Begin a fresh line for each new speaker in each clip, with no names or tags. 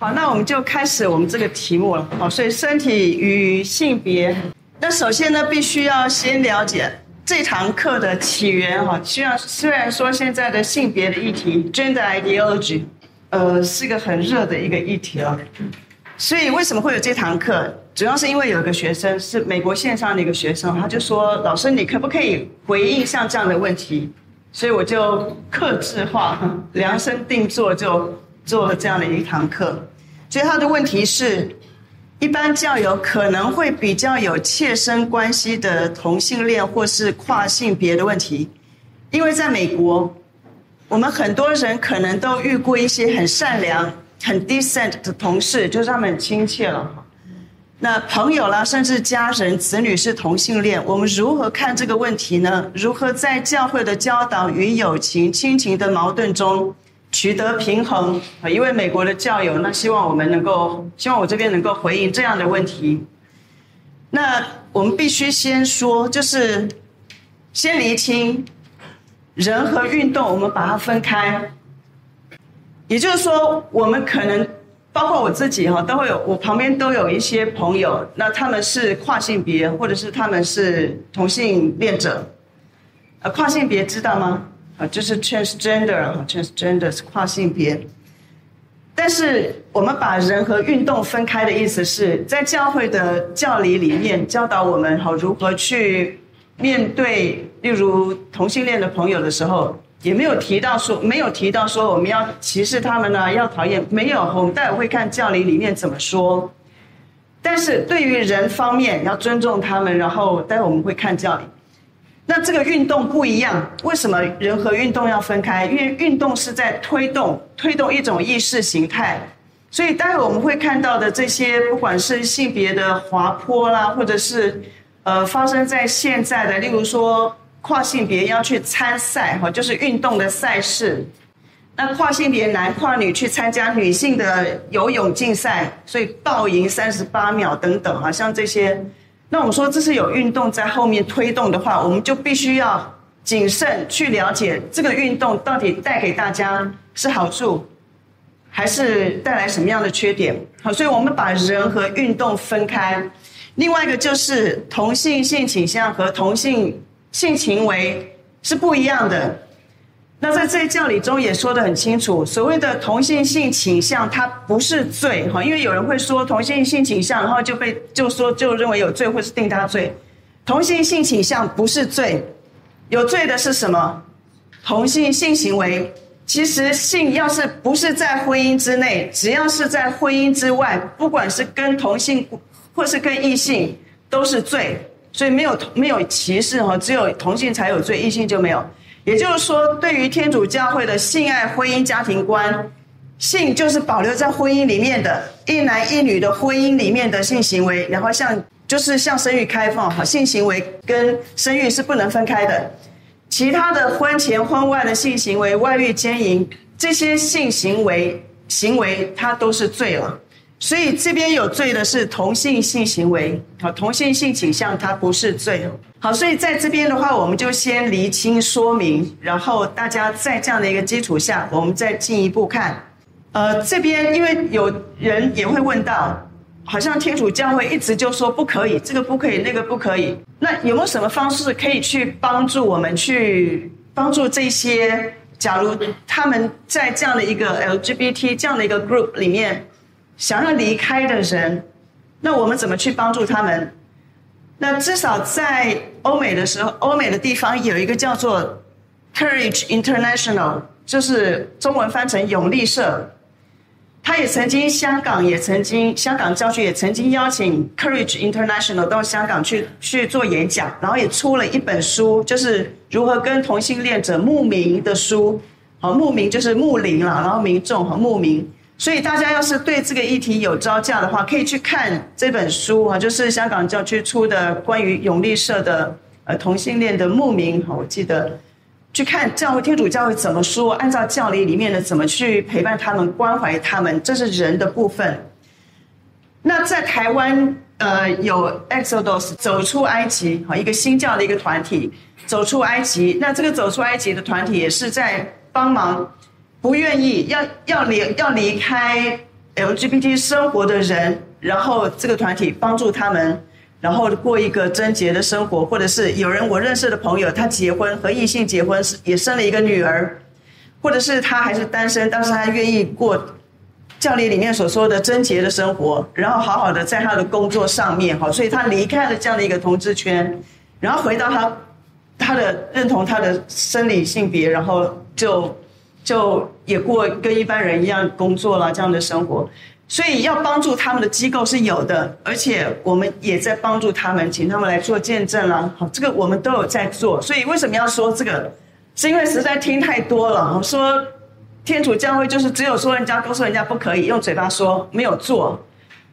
好，那我們就開始我們這個題目了。好，所以身體與性別，那首先呢，必須要先了解這堂課的起源。哈，雖然雖然說現在的性別的議題 （gender ideology） 呃，是個很熱的一個議題啊，所以為什麼會有這堂課？主要是因為有個學生是美國線上的一個學生，他就說：“老師，你可不可以回應像這樣的問題？”所以我就客製化、量身定做就。做了這樣的一堂課，最後的問題是，一般教友可能會比較有切身關係的同性戀或是跨性別的問題，因為在美國，我們很多人可能都遇過一些很善良、很 decent 的同事，就是他們很親切了，那朋友啦，甚至家人、子女是同性戀，我們如何看這個問題呢？如何在教會的教導與友情、親情的矛盾中？取得平衡啊！一位美國的教友，那希望我們能夠，希望我這邊能夠回應這樣的問題。那我們必須先說，就是先釐清人和運動，我們把它分開。也就是說，我們可能包括我自己哈，都會有我旁邊都有一些朋友，那他們是跨性別，或者是他們是同性戀者。呃，跨性別知道嗎？啊，就是 transgender，transgender 是跨性別。但是我們把人和運動分開的意思，是在教會的教理裡面教導我們，好如何去面對，例如同性戀的朋友的時候，也沒有提到說沒有提到說我們要歧視他們呢，啊，要討厭沒有。我們待會會看教理裡面怎麼說。但是對於人方面要尊重他們，然後待會我們會看教理。那這個運動不一樣，為什麼人和運動要分開？因為運動是在推動推動一種意識形態，所以待會我們會看到的這些，不管是性別的滑坡啦，或者是呃發生在現在的，例如說跨性別要去參賽，哈，就是運動的賽事，那跨性別男跨女去參加女性的游泳競賽，所以暴贏三十八秒等等，哈，像這些。那我們說，這是有運動在後面推動的話，我們就必須要謹慎去了解這個運動到底帶給大家是好處，還是帶來什麼樣的缺點。好，所以我們把人和運動分開。另外一個就是同性性傾向和同性性行為是不一樣的。那在這一教理中也說得很清楚，所謂的同性性傾向它不是罪哈，因為有人會說同性性傾向，然後就被就說就認為有罪或是定他罪，同性性傾向不是罪，有罪的是什麼？同性性行為，其實性要是不是在婚姻之內，只要是在婚姻之外，不管是跟同性或是跟異性都是罪，所以沒有沒有歧視哈，只有同性才有罪，異性就沒有。也就是說，對於天主教會的性愛、婚姻、家庭觀，性就是保留在婚姻裡面的一男一女的婚姻裡面的性行為，然後向就是向生育開放，好，性行為跟生育是不能分開的。其他的婚前、婚外的性行為、外遇、奸淫這些性行為行為，它都是罪了。所以這邊有罪的是同性性行為，好，同性性傾向它不是罪。好，所以在這邊的話，我們就先釐清說明，然後大家在這樣的一個基礎下，我們再進一步看。呃，這邊因為有人也會問到，好像天主教會一直就說不可以，這個不可以，那個不可以。那有沒有什麼方式可以去幫助我們去幫助這些？假如他們在這樣的一個 LGBT 這樣的一個 group 裡面。想要離開的人，那我們怎麼去幫助他們？那至少在歐美的時候，歐美的地方有一個叫做 Courage International，就是中文翻成“永利社”。他也曾經香港也曾經香港教區也曾經邀請 Courage International 到香港去去做演講，然後也出了一本書，就是如何跟同性戀者牧民的書。好，牧民就是牧靈啦，然後民眾和牧民。慕名所以大家要是對這個議題有招架的話，可以去看這本書哈，就是香港教區出的關於永利社的呃同性戀的牧民，我記得去看教會天主教會怎麼說，按照教理裡面的怎麼去陪伴他們、關懷他們，這是人的部分。那在台灣呃有 Exodus 走出埃及哈，一個新教的一個團體走出埃及，那這個走出埃及的團體也是在幫忙。不願意要要，要離要離開 LGBT 生活的人，然後這個團體幫助他們，然後過一個貞潔的生活，或者是有人我認識的朋友，他結婚和異性結婚也生了一個女兒，或者是他還是單身，但是他願意過，教理裡面所說的貞潔的生活，然後好好的在他的工作上面好，所以他離開了這樣的一個同志圈，然後回到他他的認同他的生理性別，然後就。就也過跟一般人一樣工作啦，這樣的生活，所以要幫助他們的機構是有的，而且我們也在幫助他們，請他們來做見證啦。好，這個我們都有在做，所以為什麼要說這個？是因為實在聽太多了，說天主教會就是只有說人家都說人家不可以用嘴巴說，沒有做，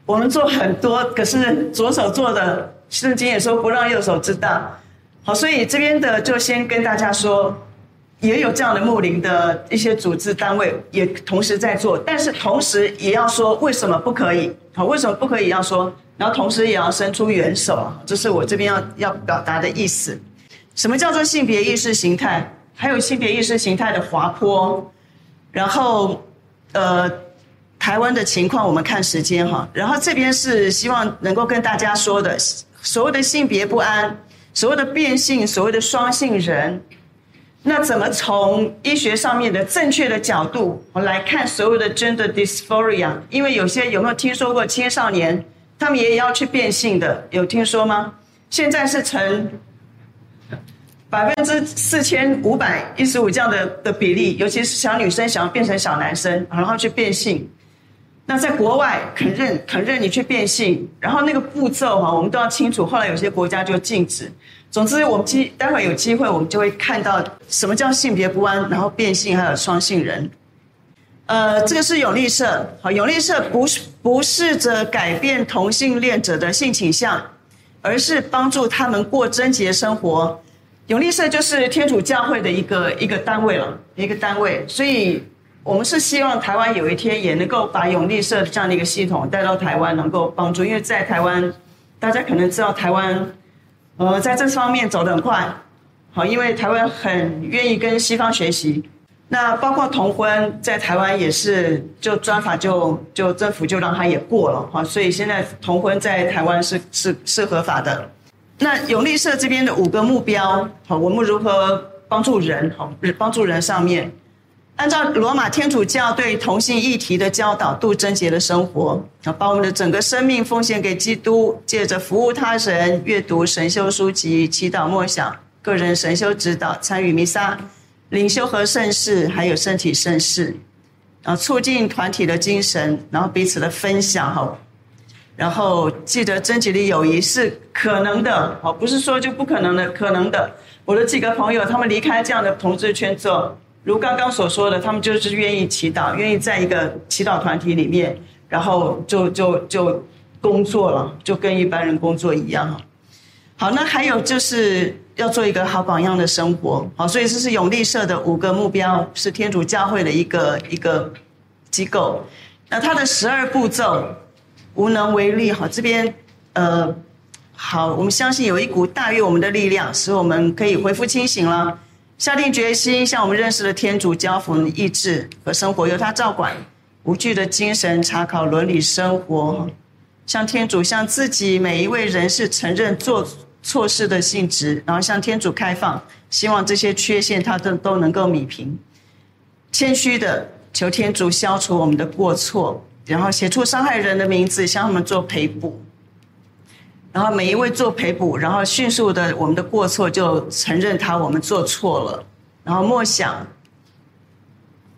我們做很多，可是左手做的聖經也說不讓右手知道。好，所以這邊的就先跟大家說。也有這樣的牧靈的一些組織單位也同時在做，但是同時也要說為什麼不可以？好，為什麼不可以要說？然後同時也要伸出援手，這是我這邊要要表達的意思。什麼叫做性別意識形態？還有性別意識形態的滑坡？然後，呃，台灣的情況我們看時間哈。然後這邊是希望能夠跟大家說的，所謂的性別不安，所謂的變性，所謂的雙性人。那怎麼從醫學上面的正確的角度，我來看所有的 gender dysphoria？因為有些有沒有聽說過青少年，他們也要去變性的，有聽說嗎？現在是成百分之四千五百一十五這樣的的比例，尤其是小女生想要變成小男生，然後去變性。那在國外肯認肯認你去變性，然後那個步驟哈，我們都要清楚。後來有些國家就禁止。總之，我們期待會有機會，我們就會看到什麼叫性別不安，然後變性，還有雙性人。呃，這個是永立社，好，永立社不是不試着改變同性戀者的性傾向，而是幫助他們過貞潔生活。永立社就是天主教會的一個一個單位了，一個單位。所以我們是希望台灣有一天也能夠把永立社這樣的一個系統帶到台灣，能夠幫助。因為在台灣，大家可能知道台灣。呃、嗯，在這方面走得很快，好，因為台灣很願意跟西方學習。那包括同婚在台灣也是，就專法就就政府就讓他也過了，好，所以現在同婚在台灣是是是合法的。那永利社這邊的五個目標，好，我們如何幫助人，好，幫助人上面。按照羅馬天主教對同性議題的教導，度貞潔的生活，啊，把我們的整個生命奉獻給基督，借着服務他人、閱讀神修書籍、祈禱默想、個人神修指導、參與彌撒、領袖和聖事，還有聖體聖事，促進團體的精神，然後彼此的分享，哈，然後記得貞潔的友誼是可能的，哦，不是說就不可能的，可能的。我的幾個朋友，他們離開這樣的同志圈做如剛剛所說的，他們就是願意祈禱，願意在一個祈禱團體裡面，然後就就就工作了，就跟一般人工作一樣。好，那還有就是要做一個好榜樣的生活。好，所以這是永立社的五個目標，是天主教會的一個一個機構。那它的十二步驟，無能為力。好，這邊呃，好，我們相信有一股大於我們的力量，使我們可以恢復清醒了。下定決心向我們認識的天主交付意志和生活，由他照管，無懼的精神查考倫理生活，向天主、向自己、每一位人士承認做錯事的性質，然後向天主開放，希望這些缺陷他都都能夠弭平，謙虛的求天主消除我們的過錯，然後寫出傷害人的名字，向他們做賠補。然後每一位做陪補，然後迅速的，我們的過錯就承認他，我們做錯了，然後默想，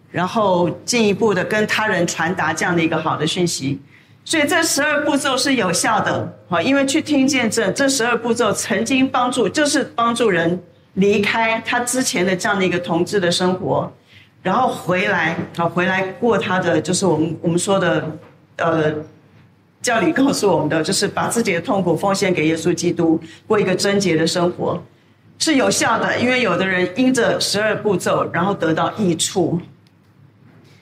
然後進一步的跟他人傳達這樣的一個好的訊息，所以這十二步驟是有效的，好，因為去聽見這這十二步驟曾經幫助，就是幫助人離開他之前的這樣的一個同志的生活，然後回來，好，回來過他的就是我們我們說的，呃。教理告訴我們的，就是把自己的痛苦奉獻給耶穌基督，過一個貞潔的生活，是有效的。因為有的人因着十二步驟，然後得到益處。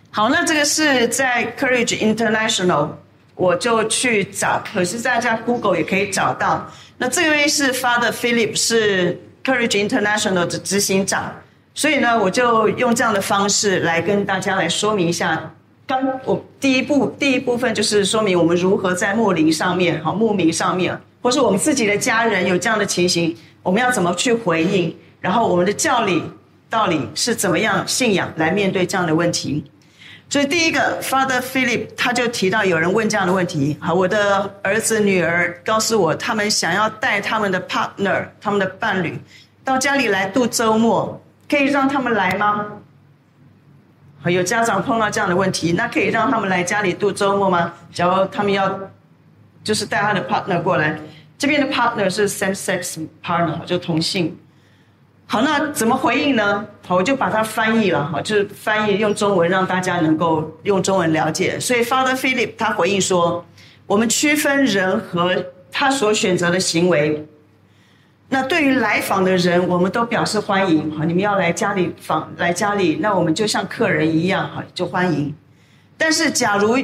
好，那這個是在 Courage International，我就去找，可是大家 Google 也可以找到。那這位是 Father Philip 是 Courage International 的執行長，所以呢，我就用這樣的方式來跟大家來說明一下。剛我第一步，第一部分就是說明我們如何在牧靈上面，好，牧民上面，或是我們自己的家人有這樣的情形，我們要怎麼去回應？然後我們的教理道理是怎麼樣信仰來面對這樣的問題？所以第一個，Father Philip，他就提到有人問這樣的問題，好，我的兒子女兒告訴我，他們想要帶他們的 partner，他們的伴侶到家裡來度周末，可以讓他們來嗎？有家長碰到這樣的問題，那可以讓他們來家裡度周末嗎？假如他們要，就是帶他的 partner 過來，這邊的 partner 是 same sex partner，就同性。好，那怎麼回應呢？好，我就把它翻譯了，哈，就是翻譯用中文讓大家能夠用中文了解。所以 Father Philip 他回應說，我們區分人和他所選擇的行為。那對於來訪的人，我們都表示歡迎。好，你們要來家裡訪，來家裡，那我們就像客人一樣，好，就歡迎。但是，假如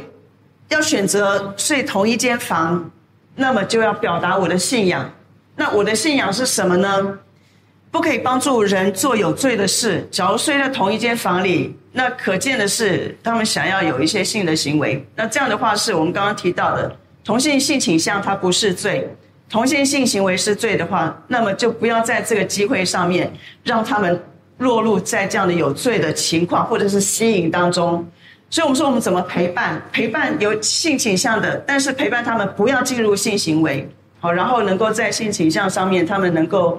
要選擇睡同一間房，那麼就要表達我的信仰。那我的信仰是什麼呢？不可以幫助人做有罪的事。假如睡在同一間房裡，那可見的是，他們想要有一些性的行為。那這樣的話，是我們剛剛提到的同性性傾向，它不是罪。同性性行為是罪的話，那麼就不要在這個機會上面讓他們落入在這樣的有罪的情況或者是吸引當中。所以我們說，我們怎麼陪伴？陪伴有性傾向的，但是陪伴他們不要進入性行為，好，然後能夠在性傾向上面，他們能夠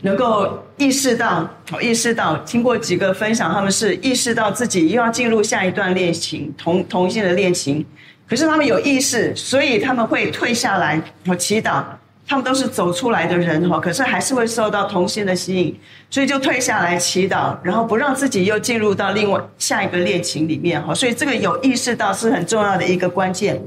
能夠意識到，意識到，聽過幾個分享，他們是意識到自己又要進入下一段戀情，同同性的戀情。可是他們有意識，所以他們會退下來，然後祈禱。他們都是走出來的人，哈，可是還是會受到同性的吸引，所以就退下來祈禱，然後不讓自己又進入到另外下一個戀情裡面，哈。所以這個有意識到是很重要的一個關鍵。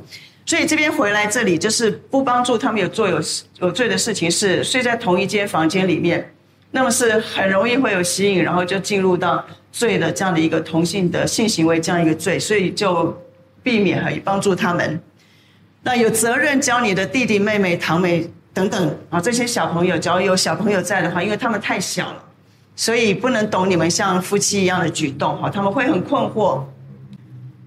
所以這邊回來這裡就是不幫助他們有做有有罪的事情，是睡在同一間房間裡面，那麼是很容易會有吸引，然後就進入到罪的這樣的一個同性的性行為，這樣一個罪，所以就。避免，可以幫助他們，那有責任教你的弟弟妹妹、堂妹等等啊，這些小朋友，只要有小朋友在的話，因為他們太小了，所以不能懂你們像夫妻一樣的舉動哈，他們會很困惑。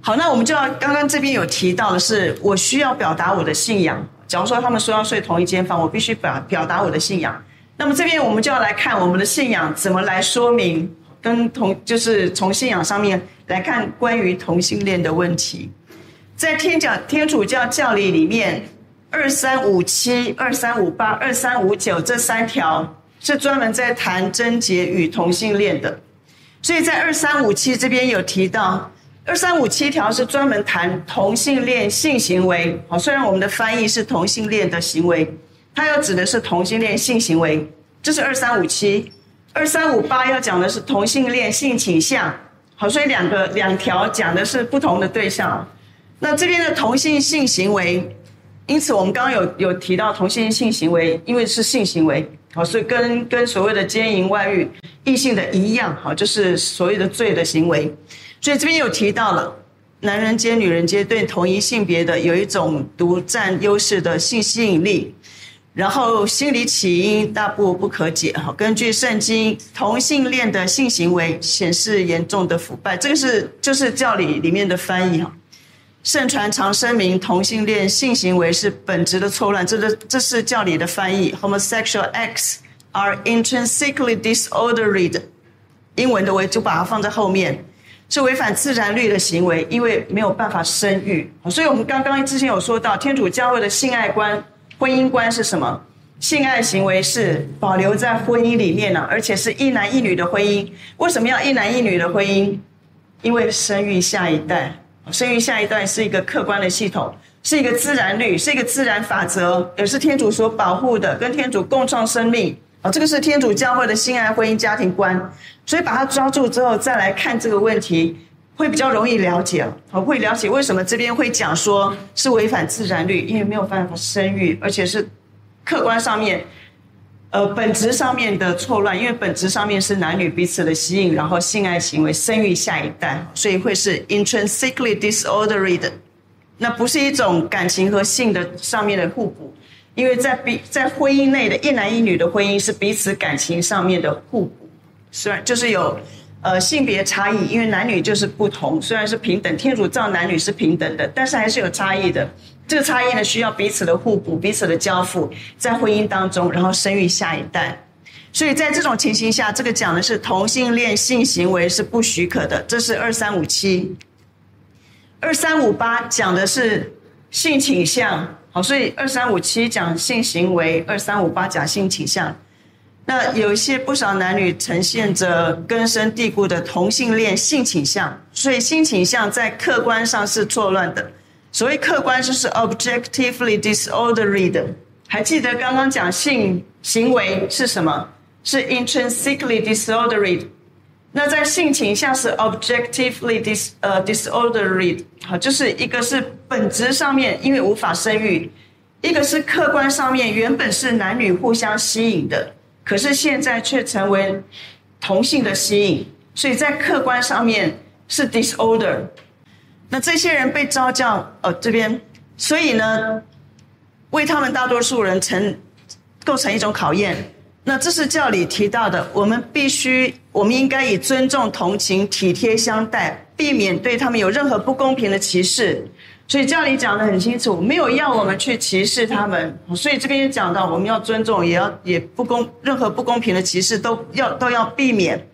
好，那我們就要剛剛這邊有提到的是，我需要表達我的信仰。假如說他們說要睡同一間房，我必須表表達我的信仰。那麼這邊我們就要來看我們的信仰怎麼來說明跟同，就是從信仰上面來看關於同性戀的問題。在天天主教教理裡面，二三五七、二三五八、二三五九這三條是專門在談貞潔與同性戀的，所以在二三五七這邊有提到，二三五七條是專門談同性戀性行為。好，雖然我們的翻譯是同性戀的行為，它要指的是同性戀性行為。這、就是二三五七，二三五八要講的是同性戀性傾向。好，所以兩個兩條講的是不同的對象。那這邊的同性性行為，因此我們剛剛有有提到同性性行為，因為是性行為，好，所以跟跟所謂的奸淫外遇異性的一樣，好，就是所謂的罪的行為。所以這邊有提到了，男人間女人間對同一性別的有一種獨占優勢的性吸引力，然後心理起因大部不可解。好，根據聖經，同性戀的性行為顯示嚴重的腐敗，這個是就是教理裡面的翻譯哈。聖傳常聲明同性戀性行為是本質的錯亂，這是這是教理的翻譯。Homosexual acts are intrinsically disordered。英文的我就把它放在後面，是違反自然律的行為，因為沒有辦法生育。好，所以我們剛剛之前有說到，天主教會的性愛觀、婚姻觀是什麼？性愛行為是保留在婚姻裡面呢，而且是一男一女的婚姻。為什麼要一男一女的婚姻？因為生育下一代。生育下一代是一個客觀的系統，是一個自然律，是一個自然法則，也是天主所保護的，跟天主共創生命。哦、這個是天主教會的性愛、婚姻、家庭觀。所以把它抓住之後，再來看這個問題，會比較容易了解了，哦。會了解為什麼這邊會講說是違反自然律，因為沒有辦法生育，而且是客觀上面。呃，本質上面的錯亂，因為本質上面是男女彼此的吸引，然後性愛行為、生育下一代，所以會是 intrinsically disorderly 的。那不是一種感情和性的上面的互補，因為在比在婚姻內的一男一女的婚姻是彼此感情上面的互補，雖然就是有呃性別差異，因為男女就是不同，雖然是平等，天主教男女是平等的，但是還是有差異的。這個差異呢，需要彼此的互補，彼此的交付，在婚姻當中，然後生育下一代。所以在這種情形下，這個講的是同性戀性行為是不許可的，這是二三五七。二三五八講的是性傾向，好，所以二三五七講性行為，二三五八講性傾向。那有一些不少男女呈現着根深蒂固的同性戀性傾向，所以性傾向在客觀上是錯亂的。所謂客觀就是 objectively disorderly 的，還記得剛剛講性行為是什麼？是 intrinsically disorderly。那在性情下是 objectively dis 呃、uh, disorderly。好，就是一個是本質上面因為無法生育，一個是客觀上面原本是男女互相吸引的，可是現在卻成為同性的吸引，所以在客觀上面是 disorder。那這些人被召叫，呃、哦，這邊，所以呢，為他們大多數人成構成一種考驗。那這是教理提到的，我們必須，我們應該以尊重、同情、體貼相待，避免對他們有任何不公平的歧視。所以教理講得很清楚，沒有要我們去歧視他們。所以這邊也講到，我們要尊重，也要也不公任何不公平的歧視都要都要避免。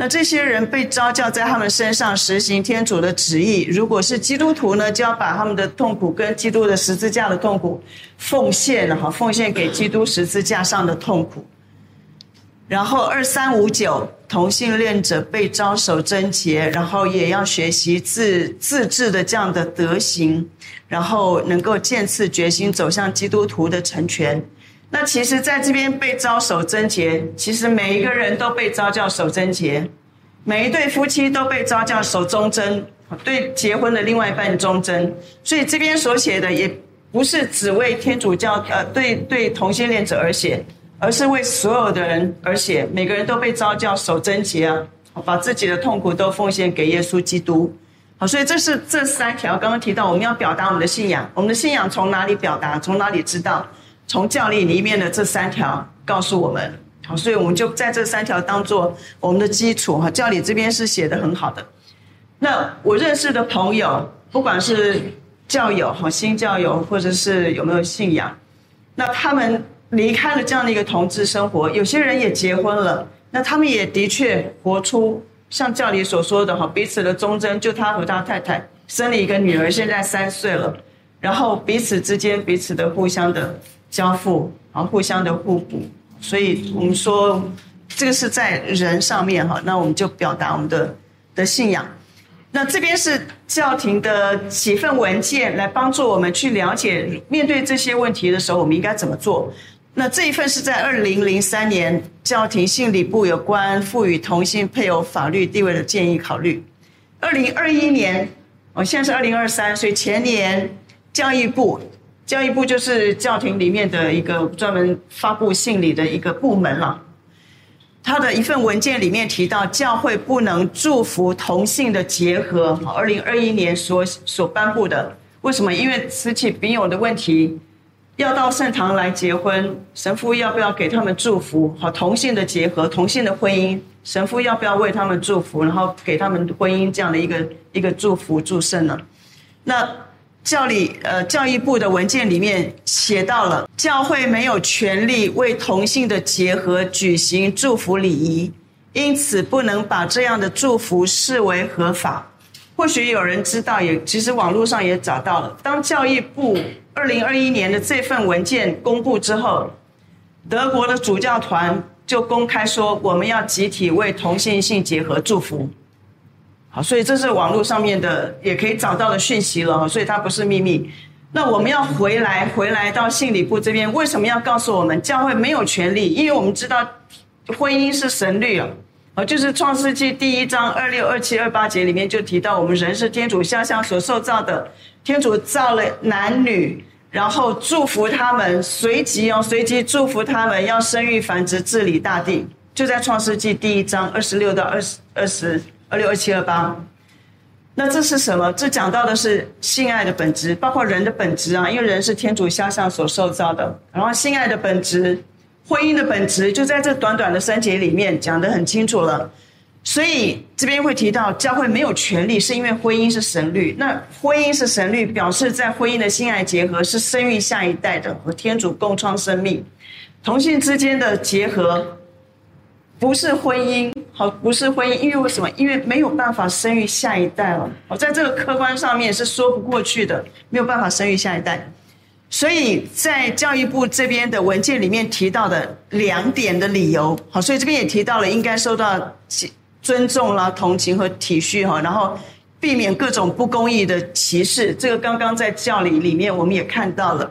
那這些人被召叫，在他們身上實行天主的旨意。如果是基督徒呢，就要把他們的痛苦跟基督的十字架的痛苦奉獻了哈，奉獻給基督十字架上的痛苦。然後二三五九，同性戀者被召守貞潔，然後也要學習自自制的這樣的德行，然後能夠漸次決心走向基督徒的成全。那其實，在這邊被召守貞潔，其實每一個人都被召叫守貞潔，每一對夫妻都被召叫守忠貞，對結婚的另外一半忠貞。所以這邊所寫的，也不是只為天主教呃對對同性戀者而寫，而是為所有的人而寫。每個人都被召叫守貞潔啊，把自己的痛苦都奉獻給耶穌基督。好，所以這是這三條剛剛提到，我們要表達我們的信仰，我們的信仰從哪裡表達？從哪裡知道？從教理裡面的這三條告訴我們，好，所以我們就在這三條當做我們的基礎哈。教理這邊是寫得很好的。那我認識的朋友，不管是教友哈、新教友，或者是有沒有信仰，那他們離開了這樣的一個同志生活，有些人也結婚了，那他們也的確活出像教理所說的哈，彼此的忠貞。就他和他太太生了一個女兒，現在三歲了，然後彼此之間彼此的互相的。交付，然後互相的互補，所以我們說，這個是在人上面哈。那我們就表達我們的的信仰。那這邊是教廷的幾份文件，來幫助我們去了解面對這些問題的時候，我們應該怎麼做。那這一份是在二零零三年教廷信理部有關賦予同性配偶法律地位的建議考慮。二零二一年，哦，現在是二零二三，所以前年教育部。教育部就是教廷裡面的一個專門發布信理的一個部門了、啊。他的一份文件裡面提到，教會不能祝福同性的結合。二零二一年所所頒布的，為什麼？因為此起彼有的問題，要到聖堂來結婚，神父要不要給他們祝福？好，同性的結合，同性的婚姻，神父要不要為他們祝福，然後給他們婚姻這樣的一個一個祝福祝聖呢？那。教理，呃，教育部的文件裡面寫到了，教會沒有權利為同性的結合舉行祝福禮儀，因此不能把這樣的祝福視為合法。或許有人知道，也其實網絡上也找到了。當教育部二零二一年的這份文件公佈之後，德國的主教團就公開說，我們要集體為同性性結合祝福。所以這是網絡上面的也可以找到的訊息了，所以它不是秘密。那我們要回來，回來到信理部這邊，為什麼要告訴我們教會沒有權利？因為我們知道婚姻是神律哦、啊。就是創世紀第一章二六二七二八節裡面就提到，我們人是天主肖像所受造的，天主造了男女，然後祝福他們，隨即哦，隨即祝福他們要生育繁殖，治理大地。就在創世紀第一章二十六到二十二十。二六二七二八，那這是什麼？這講到的是性愛的本質，包括人的本質啊，因為人是天主肖像所塑造的。然後，性愛的本質、婚姻的本質，就在這短短的三節裡面講得很清楚了。所以，這邊會提到教會沒有權利，是因為婚姻是神律。那婚姻是神律，表示在婚姻的性愛結合是生育下一代的，和天主共創生命。同性之間的結合，不是婚姻，好，不是婚姻，因為為什麼？因為沒有辦法生育下一代了，好，在這個客觀上面是說不過去的，沒有辦法生育下一代，所以在教育部這邊的文件裡面提到的兩點的理由，好，所以這邊也提到了應該受到尊尊重啦、同情和體恤哈，然後避免各種不公義的歧視，這個剛剛在教理裡面我們也看到了，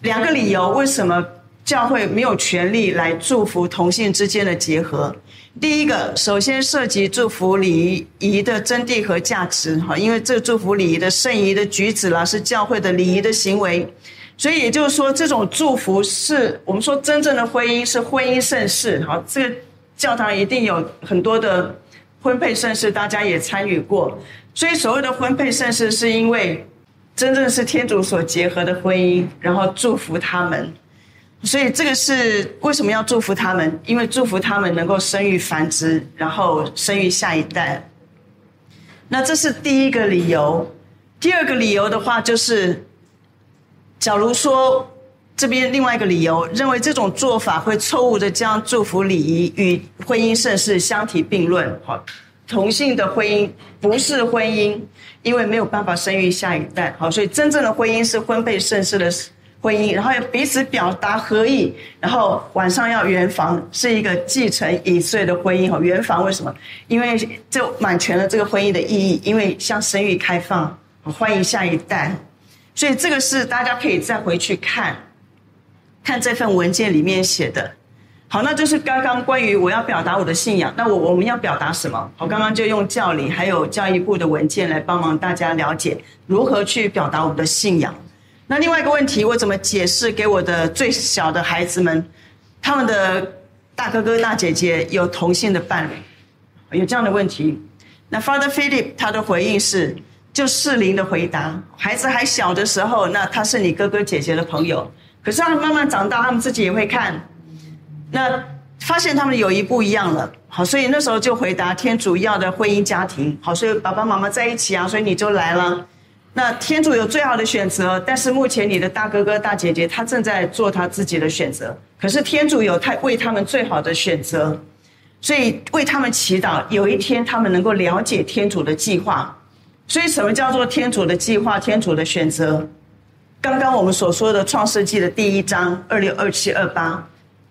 兩個理由，為什麼？教會沒有權利來祝福同性之間的結合。第一個，首先涉及祝福禮儀的真諦和價值。哈，因為這個祝福禮儀的聖儀的舉止啦，是教會的禮儀的行為，所以也就是說，這種祝福是我們說真正的婚姻是婚姻聖事。好，這個教堂一定有很多的婚配聖事，大家也參與過。所以所謂的婚配聖事是因為真正是天主所結合的婚姻，然後祝福他們。所以這個是為什麼要祝福他們？因為祝福他們能夠生育繁殖，然後生育下一代。那這是第一個理由。第二個理由的話，就是假如說這邊另外一個理由，認為這種做法會錯誤的將祝福禮儀與婚姻聖事相提並論。好，同性的婚姻不是婚姻，因為沒有辦法生育下一代。好，所以真正的婚姻是婚配聖事的婚姻，然後要彼此表達合意，然後晚上要圓房，是一個既成已遂的婚姻。好，圓房為什麼？因為就滿全了這個婚姻的意義，因為向生育開放，歡迎下一代。所以這個是大家可以再回去看，看這份文件裡面寫的。好，那就是剛剛關於我要表達我的信仰。那我我們要表達什麼？我剛剛就用教理還有教育部的文件來幫忙大家了解如何去表達我們的信仰。那另外一個問題，我怎麼解釋給我的最小的孩子們，他們的大哥哥、大姐姐有同性的伴侶，有這樣的問題？那 Father Philip 他的回應是，就適齡的回答，孩子還小的時候，那他是你哥哥姐姐的朋友，可是他慢慢長大，他們自己也會看，那發現他們友誼不一樣了，好，所以那時候就回答天主要的婚姻家庭，好，所以爸爸媽媽在一起啊，所以你就來了。那天主有最好的選擇，但是目前你的大哥哥、大姐姐他正在做他自己的選擇。可是天主有他為他們最好的選擇，所以為他們祈禱，有一天他們能夠了解天主的計劃。所以，什麼叫做天主的計劃？天主的選擇？剛剛我們所說的《創世紀》的第一章二六二七二八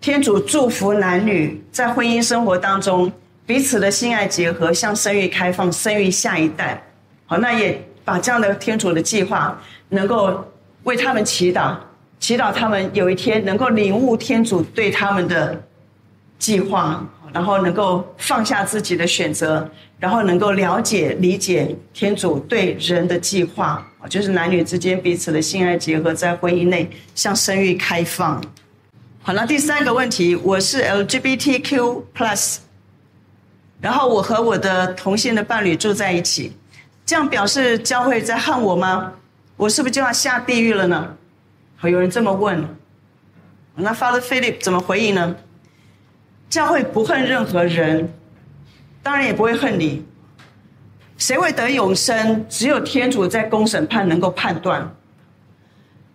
，262728，天主祝福男女在婚姻生活當中彼此的性愛結合，向生育開放，生育下一代。好，那也。把這樣的天主的計劃能夠為他們祈禱，祈禱他們有一天能夠領悟天主對他們的計劃，然後能夠放下自己的選擇，然後能夠了解理解天主對人的計劃，就是男女之間彼此的性愛結合在婚姻內向生育開放。好了，那第三個問題，我是 LGBTQ plus，然後我和我的同性的伴侶住在一起。這樣表示教會在恨我嗎？我是不是就要下地獄了呢？好，有人這麼問。那 Father Philip 怎麼回應呢？教會不恨任何人，當然也不會恨你。誰會得永生？只有天主在公審判能夠判斷。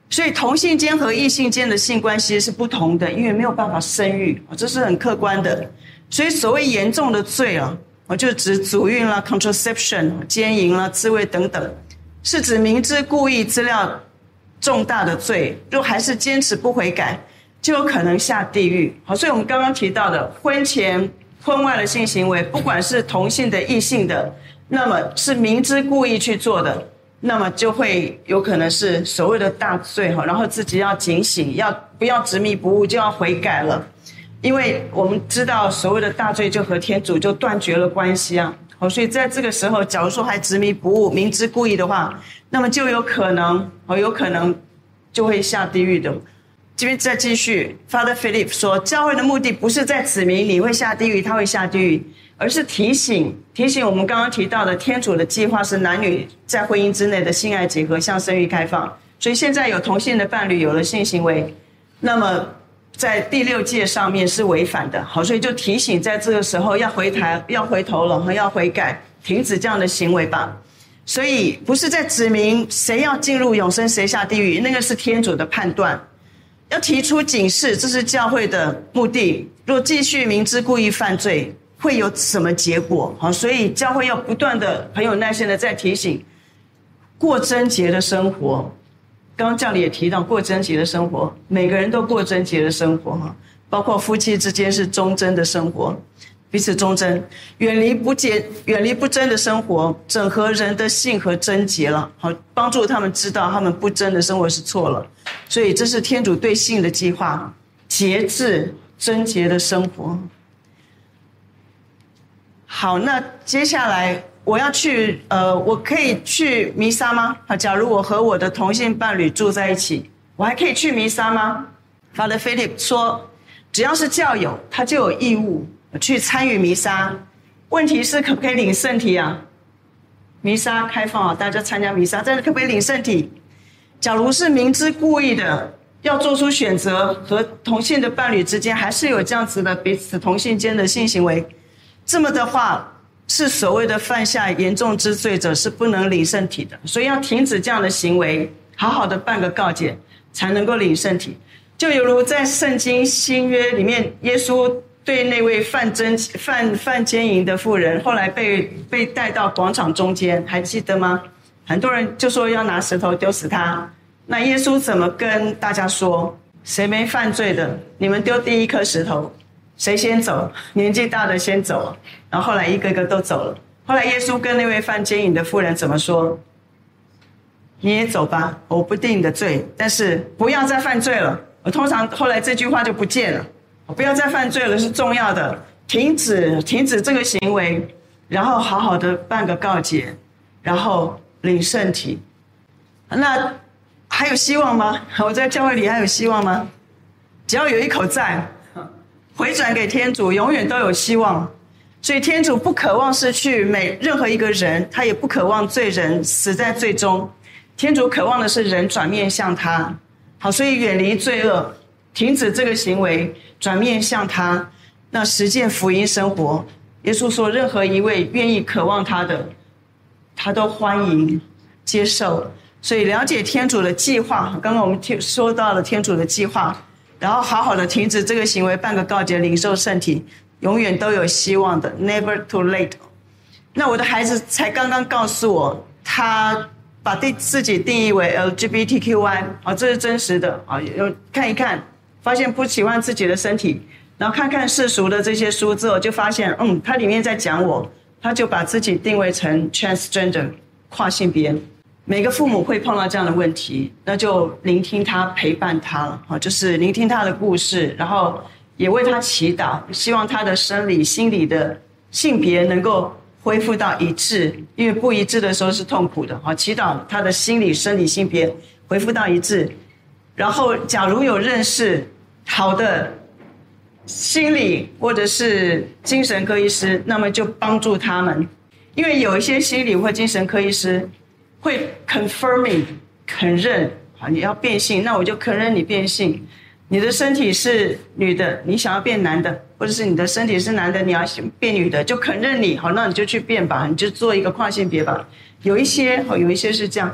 所以同性間和異性間的性關係是不同的，因為沒有辦法生育啊，這是很客觀的。所以所謂嚴重的罪啊。我就指阻孕啦、contraception、奸淫啦、自慰等等，是指明知故意、質料重大的罪，若還是堅持不悔改，就有可能下地獄。好，所以我們剛剛提到的婚前、婚外的性行為，不管是同性的、異性的，那麼是明知故意去做的，那麼就會有可能是所謂的大罪哈，然後自己要警醒，要不要執迷不悟，就要悔改了。因為我們知道，所謂的大罪就和天主就斷絕了關係啊！所以在這個時候，假如說還執迷不悟、明知故意的話，那麼就有可能，哦，有可能就會下地獄的。這邊再繼續，Father Philip 說，教會的目的不是在指明你會下地獄，他會下地獄，而是提醒提醒我們剛剛提到的，天主的計劃是男女在婚姻之內的性愛結合向生育開放。所以現在有同性的伴侶有了性行為，那麼。在第六誡上面是違反的，好，所以就提醒在這個時候要回台，嗯、要回頭了，和要悔改，停止這樣的行為吧。所以不是在指明誰要進入永生，誰下地獄，那個是天主的判斷。要提出警示，這是教會的目的。若繼續明知故意犯罪，會有什麼結果？好，所以教會要不斷的很有耐心的在提醒，過貞潔的生活。剛剛教理也提到過貞潔的生活，每個人都過貞潔的生活哈，包括夫妻之間是忠貞的生活，彼此忠貞，遠離不潔、遠離不貞的生活，整合人的性和貞潔了，好，幫助他們知道他們不貞的生活是錯了，所以這是天主對性的計劃，節制貞潔的生活。好，那接下來。我要去，呃，我可以去彌撒嗎？好，假如我和我的同性伴侶住在一起，我還可以去彌撒嗎？Father Philip 說，只要是教友，他就有義務去參與彌撒。問題是可不可以領聖體啊？彌撒開放啊，大家參加彌撒，但是可不可以領聖體？假如是明知故意的，要做出選擇和同性的伴侶之間，還是有這樣子的彼此同性間的性行為，這麼的話。是所謂的犯下嚴重之罪者，是不能領聖體的，所以要停止這樣的行為，好好的辦個告解，才能夠領聖體。就猶如在聖經新約裡面，耶穌對那位犯真犯犯姦淫的婦人，後來被被帶到廣場中間，還記得嗎？很多人就說要拿石頭丟死她，那耶穌怎麼跟大家說？誰沒犯罪的？你們丟第一顆石頭。誰先走？年紀大的先走，然後後來一個個都走了。後來耶穌跟那位犯奸淫的婦人怎麼說？你也走吧，我不定你的罪，但是不要再犯罪了。我通常後來這句話就不見了。我不要再犯罪了是重要的，停止停止這個行為，然後好好的辦個告解，然後領聖體。那還有希望嗎？我在教會裡還有希望嗎？只要有一口在，回轉給天主，永遠都有希望。所以天主不渴望失去每任何一個人，他也不渴望罪人死在最終。天主渴望的是人轉面向他。好，所以遠離罪惡，停止這個行為，轉面向他，那實踐福音生活。耶穌說，任何一位願意渴望他的，他都歡迎接受。所以了解天主的計劃，剛剛我們聽說到了天主的計劃。然後好好的停止這個行為，辦個告解，領受聖體，永遠都有希望的，never too late。那我的孩子才剛剛告訴我，他把第自己定義為 LGBTQY 啊、哦，這是真實的啊、哦，看一看，發現不喜歡自己的身體，然後看看世俗的這些書之後，就發現嗯，他裡面在講我，他就把自己定位成 transgender 跨性別。每個父母會碰到這樣的問題，那就聆聽他，陪伴他了。好，就是聆聽他的故事，然後也為他祈禱，希望他的生理、心理的性別能夠恢復到一致。因為不一致的時候是痛苦的。好，祈禱他的心理、生理性別恢復到一致。然後，假如有認識好的心理或者是精神科醫師，那麼就幫助他們，因為有一些心理或精神科醫師。會 confirming，肯認，好，你要變性，那我就肯認你變性，你的身體是女的，你想要變男的，或者是你的身體是男的，你要變女的，就肯認你，好，那你就去變吧，你就做一個跨性別吧。有一些好，有一些是這樣，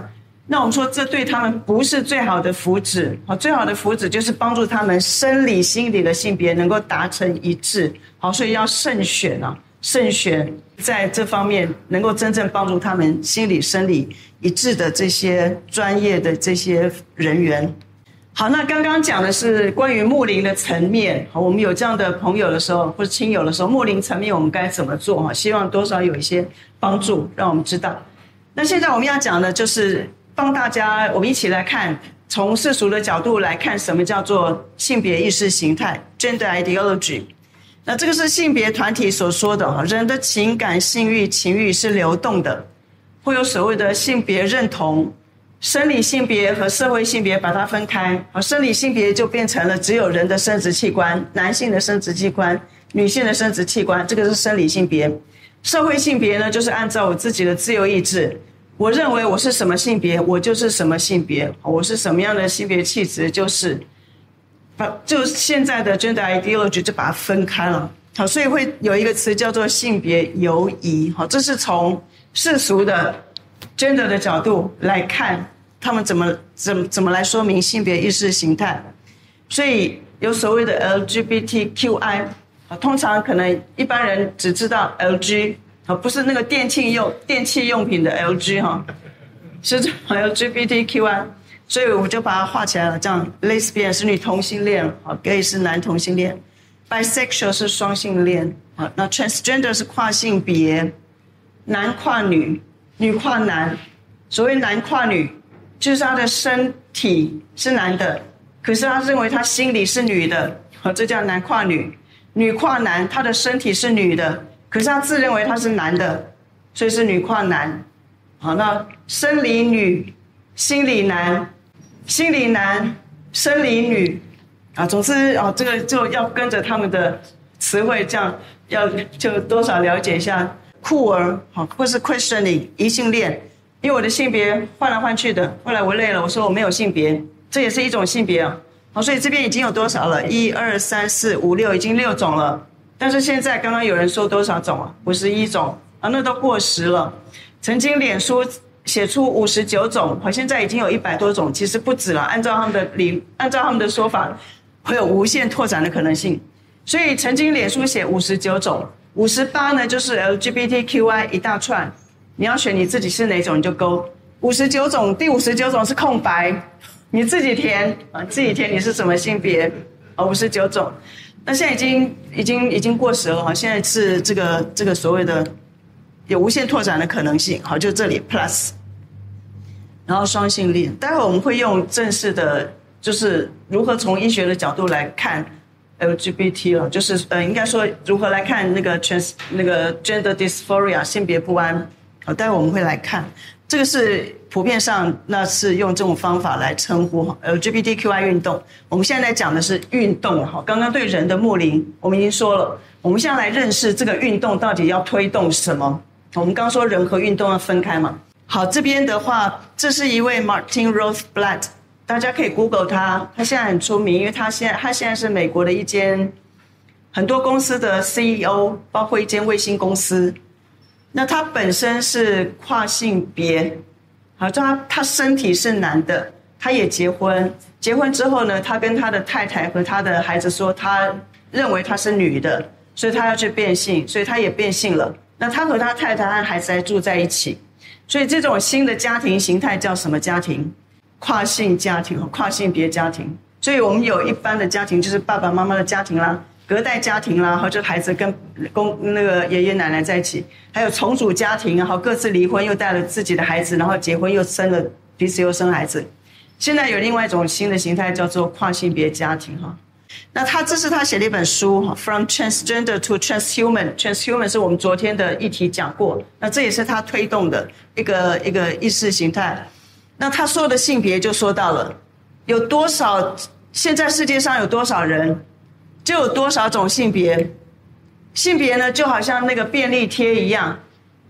那我們說這對他們不是最好的福祉，好，最好的福祉就是幫助他們生理、心理的性別能夠達成一致，好，所以要慎選啊。慎選在這方面能夠真正幫助他們心理、生理一致的這些專業的這些人員。好，那剛剛講的是關於牧靈的層面。好，我們有這樣的朋友的時候或是親友的時候，牧靈層面我們該怎麼做？哈，希望多少有一些幫助，讓我們知道。那現在我們要講的就是幫大家，我們一起來看，從世俗的角度來看，什麼叫做性別意識形態 （Gender Ideology）。那這個是性別團體所說的哈，人的情感、性慾、情慾是流動的，會有所謂的性別認同，生理性別和社會性別把它分開。好，生理性別就變成了只有人的生殖器官，男性的生殖器官、女性的生殖器官，這個是生理性別。社會性別呢，就是按照我自己的自由意志，我認為我是什麼性別，我就是什麼性別，我是什麼樣的性別氣質，就是。把，就現在的 gender ideology 就把它分開了，好，所以會有一個詞叫做性別游移，好，這是從世俗的 gender 的角度來看，他們怎麼怎麼怎麼來說明性別意識形態，所以有所謂的 LGBTQI，通常可能一般人只知道 LG，啊，不是那個電器用電器用品的 LG 哈，是這 LGBTQI。所以我們就把它畫起來了，這樣。Lesbian 是女同性戀，好，Gay 是男同性戀，Bisexual 是雙性戀，好，那 Transgender 是跨性別，男跨女，女跨男。所謂男跨女，就是他的身體是男的，可是他認為他心裡是女的，好，這叫男跨女。女跨男，他的身體是女的，可是他自認為他是男的，所以是女跨男。好，那生理女，心理男。心理男、生理女，啊，總之啊，這個就要跟着他們的詞彙，這樣要就多少了解一下酷兒，好、啊，或是 questioning，異性戀，因為我的性別換來換去的，後來我累了，我說我沒有性別，這也是一種性別啊，好、啊，所以這邊已經有多少了？一、二、三、四、五、六，已經六種了。但是現在剛剛有人說多少種啊？五十一種，啊，那都過時了。曾經臉書。寫出五十九種，好，現在已經有一百多種，其實不止了。按照他們的理，按照他們的說法，會有無限拓展的可能性。所以曾經臉書寫五十九種，五十八呢就是 LGBTQI 一大串，你要選你自己是哪種，你就勾。五十九種，第五十九種是空白，你自己填啊，自己填你是什麼性別。哦，五十九種，那現在已經已經已經過時了哈。現在是這個這個所謂的有無限拓展的可能性。好，就這裡 Plus。然後雙性戀，待會我們會用正式的，就是如何從醫學的角度來看 LGBT 了，就是呃，應該說如何來看那個 trans 那個 gender dysphoria 性別不安，好，待會我們會來看，這個是普遍上那是用這種方法來稱呼哈 LGBTQI 運動。我們現在講的是運動了哈，剛剛對人的牧靈我們已經說了，我們現在來認識這個運動到底要推動什麼？我們剛剛說人和運動要分開嘛。好，這邊的話，這是一位 Martin Rothblatt，大家可以 Google 他，他現在很出名，因為他現在、他現在是美國的一間很多公司的 CEO，包括一間衛星公司。那他本身是跨性別，好像他、他身體是男的，他也結婚，結婚之後呢，他跟他的太太和他的孩子說，他認為他是女的，所以他要去變性，所以他也變性了。那他和他太太和孩子還住在一起。所以，這種新的家庭形態叫什麼家庭？跨性家庭和跨性別家庭。所以我們有一般的家庭，就是爸爸媽媽的家庭啦，隔代家庭啦，然後就孩子跟公那個爺爺奶奶在一起，還有重組家庭，然後各自離婚又帶了自己的孩子，然後結婚又生了彼此又生孩子。現在有另外一種新的形態，叫做跨性別家庭，哈。那他這是他寫的一本書，哈，《From Transgender to Transhuman》，Transhuman 是我們昨天的議題講過，那這也是他推動的一個一個意識形態。那他說的性別就說到了，有多少現在世界上有多少人，就有多少種性別。性別呢，就好像那個便利貼一樣，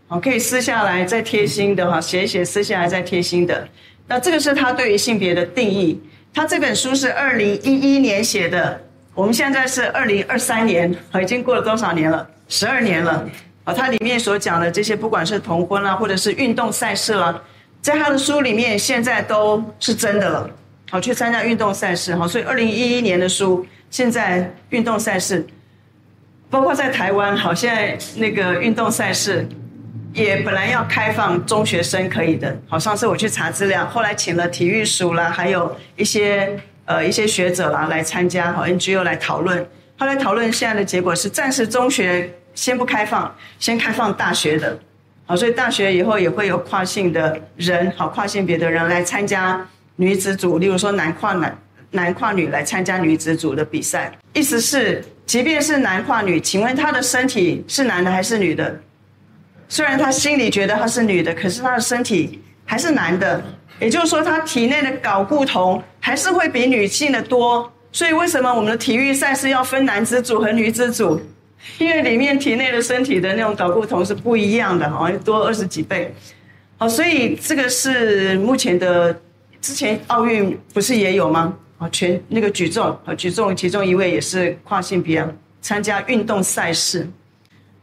好，可以撕下來再貼新的哈，寫一寫，撕下來再貼新的。那這個是他對於性別的定義。他這本書是二零一一年寫的。我們現在是二零二三年，已經過了多少年了？十二年了。好，他裡面所講的這些，不管是同婚啦、啊，或者是運動賽事啦、啊，在他的書裡面，現在都是真的了。好，去參加運動賽事。好，所以二零一一年的書，現在運動賽事，包括在台灣，好，現在那個運動賽事也本來要開放中學生可以的。好，上次我去查資料，後來請了體育署啦，還有一些。呃，一些學者啦來參加，好 NGO 來討論，後來討論現在的結果是暫時中學先不開放，先開放大學的，好，所以大學以後也會有跨性的人，好，跨性別的人來參加女子組，例如說男跨男、男跨女來參加女子組的比賽，意思是，即便是男跨女，請問他的身體是男的還是女的？雖然他心裡覺得他是女的，可是他的身體還是男的。也就是說，他體內的睾固酮還是會比女性的多，所以為什麼我們的體育賽事要分男子組和女子組？因為裡面體內的身體的那種睾固酮是不一樣的，好，多二十幾倍。好，所以這個是目前的，之前奧運不是也有嗎？啊，全那個舉重，啊，舉重其中一位也是跨性別，參加運動賽事。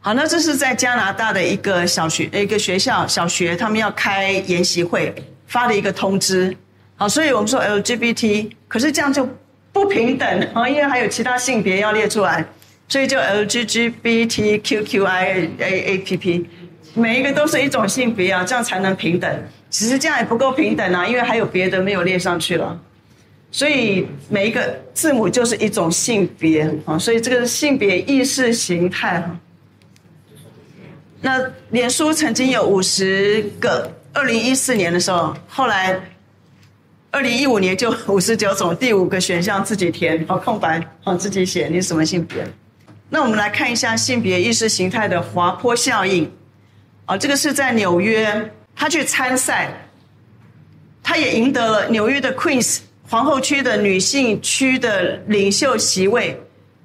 好，那這是在加拿大的一個小學，一個學校，小學他們要開研習會。發了一個通知，好，所以我們說 LGBT，可是這樣就不平等啊，因為還有其他性別要列出來，所以就 LGBTQQIAAPP，每一個都是一種性別啊，這樣才能平等。其實這樣也不夠平等啊，因為還有別的沒有列上去了，所以每一個字母就是一種性別啊，所以這個性別意識形態哈。那臉書曾經有五十個。二零一四年的時候，後來，二零一五年就五十九種，第五個選項自己填，好、哦、空白，好、哦、自己寫，你是什麼性別？那我們來看一下性別意識形態的滑坡效應。啊、哦，這個是在紐約，他去參賽，他也贏得了紐約的 Queen's 皇後區的女性區的領袖席位，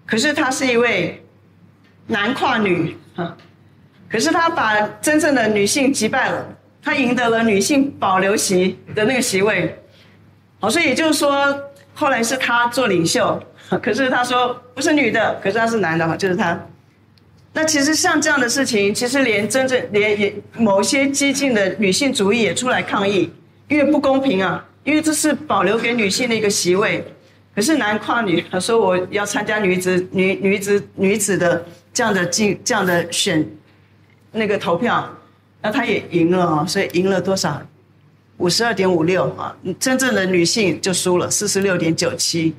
可是他是一位男跨女，可是他把真正的女性擊敗了。他贏得了女性保留席的那個席位，好，所以也就是說，後來是他做領袖。可是他說不是女的，可是他是男的，哈，就是他。那其實像這樣的事情，其實連真正連也某些激進的女性主義也出來抗議，因為不公平啊，因為這是保留給女性的一個席位。可是男跨女，他說我要參加女子女女子女子的這樣的競這樣的選那個投票。那他也贏了哦，所以贏了多少？五十二點五六啊，真正的女性就輸了四十六點九七。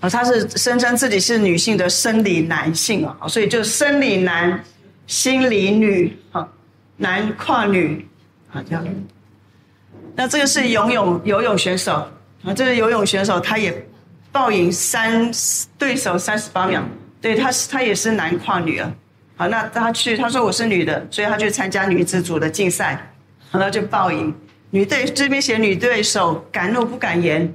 啊，他是聲稱自己是女性的生理男性啊，所以就生理男、心理女啊，男跨女，好，啊，這樣。那這個是游泳游泳選手啊，這個游泳選手他也暴贏三對手三十八秒，對，他是他也是男跨女啊。那他去，他說我是女的，所以他去參加女子組的競賽，然後就爆贏，女隊，這邊寫女對手敢怒不敢言，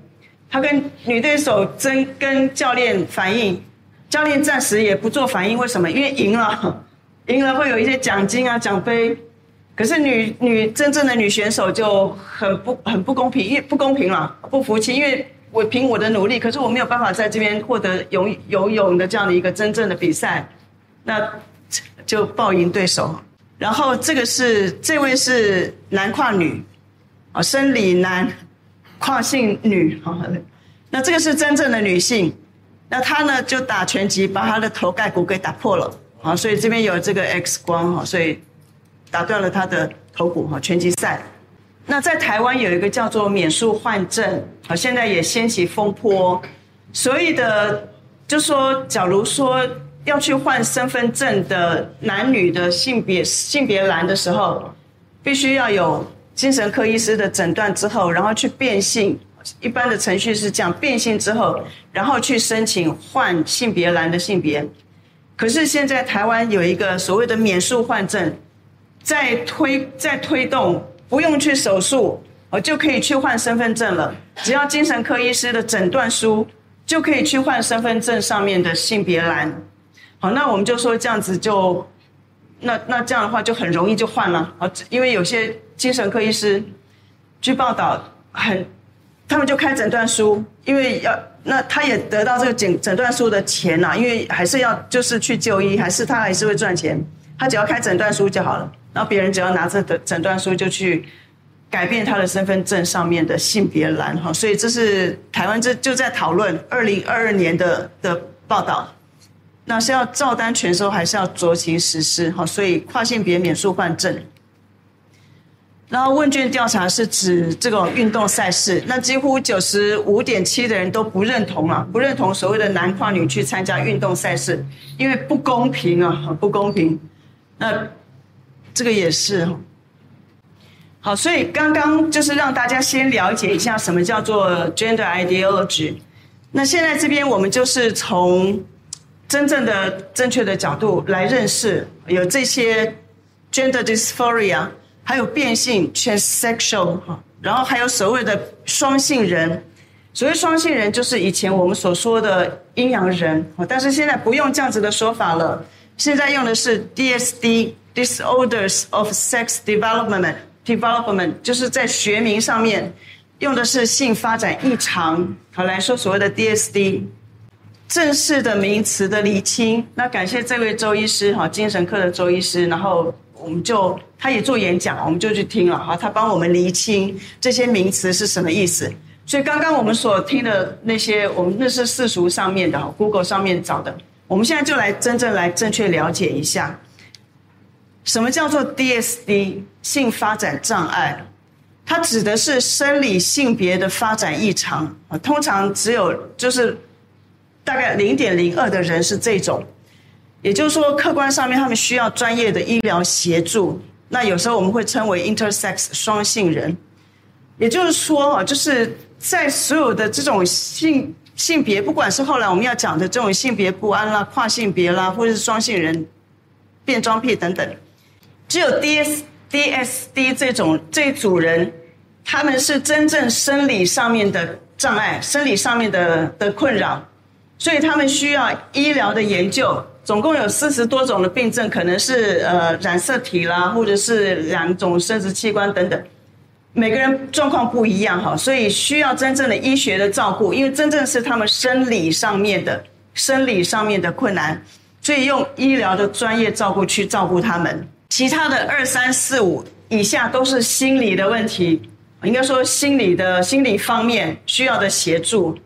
他跟女對手真跟教練反應，教練暫時也不做反應。為什麼？因為贏了，贏了會有一些獎金啊獎杯。可是女女真正的女選手就很不很不公平，因為不公平了、啊，不服氣。因為我憑我的努力，可是我沒有辦法在這邊獲得游游泳的這樣的一個真正的比賽。那。就抱贏對手，然後這個是這位是男跨女，啊，生理男，跨性女啊，那這個是真正的女性，那她呢，就打拳擊，把她的頭蓋骨給打破了啊，所以這邊有這個 X 光哈，所以打斷了她的頭骨哈，拳擊賽。那在台灣有一個叫做免輸患症，啊，現在也掀起風波，所以的就說假如說。要去換身份證的男女的性別，性別欄的時候，必須要有精神科醫師的診斷之後，然後去變性。一般的程序是這樣：變性之後，然後去申請換性別欄的性別。可是現在台灣有一個所謂的免術換證，在推在推動，不用去手術，我就可以去換身份證了。只要精神科醫師的診斷書，就可以去換身份證上面的性別欄。好，那我們就說這樣子就，那那這樣的話就很容易就換了啊，因為有些精神科醫師，據報道很，他們就開診斷書，因為要，那他也得到這個診診斷書的錢吶啊，因為還是要就是去就醫，還是他還是會賺錢，他只要開診斷書就好了，然後別人只要拿着診斷書就去改變他的身份證上面的性別欄哈，所以這是台灣這就，就在討論二零二二年的的報道那是要照單全收，還是要酌情實施？好，所以跨性別免術換證。然後問卷調查是指這個運動賽事，那幾乎九十五點七的人都不認同啊，不認同所謂的男跨女去參加運動賽事，因為不公平啊，不公平。那這個也是。好，所以剛剛就是讓大家先了解一下什麼叫做 gender ideology。那現在這邊我們就是從。真正的正確的角度來認識，有這些 gender dysphoria，還有變性 transsexual 哈，然後還有所謂的雙性人。所謂雙性人就是以前我們所說的陰陽人，但是現在不用這樣子的說法了，現在用的是 DSD Disorders of Sex Development Development，就是在學名上面用的是性發展異常，好來說所謂的 DSD。正式的名詞的釐清，那感謝這位周醫師哈，精神科的周醫師，然後我們就他也做演講，我們就去聽了哈，他幫我們釐清這些名詞是什麼意思。所以剛剛我們所聽的那些，我們那是世俗上面的哈，Google 上面找的，我們現在就來真正來正確了解一下，什麼叫做 DSD 性發展障礙，它指的是生理性別的發展異常，通常只有就是。大概零點零二的人是這種，也就是說，客觀上面他們需要專業的醫療協助。那有時候我們會稱為 intersex 雙性人，也就是說啊，就是在所有的這種性性別，不管是後來我們要講的這種性別不安啦、跨性別啦，或者是雙性人、變裝癖等等，只有 DSD、DSD 這種這組人，他們是真正生理上面的障礙、生理上面的的困擾。所以他們需要醫療的研究，總共有四十多種的病症，可能是，呃，染色體啦，或者是兩種生殖器官等等，每個人狀況不一樣哈，所以需要真正的醫學的照顧，因為真正是他們生理上面的，生理上面的困難，所以用醫療的專業照顧去照顧他們。其他的二三四五以下都是心理的問題，應該說心理的，心理方面需要的協助。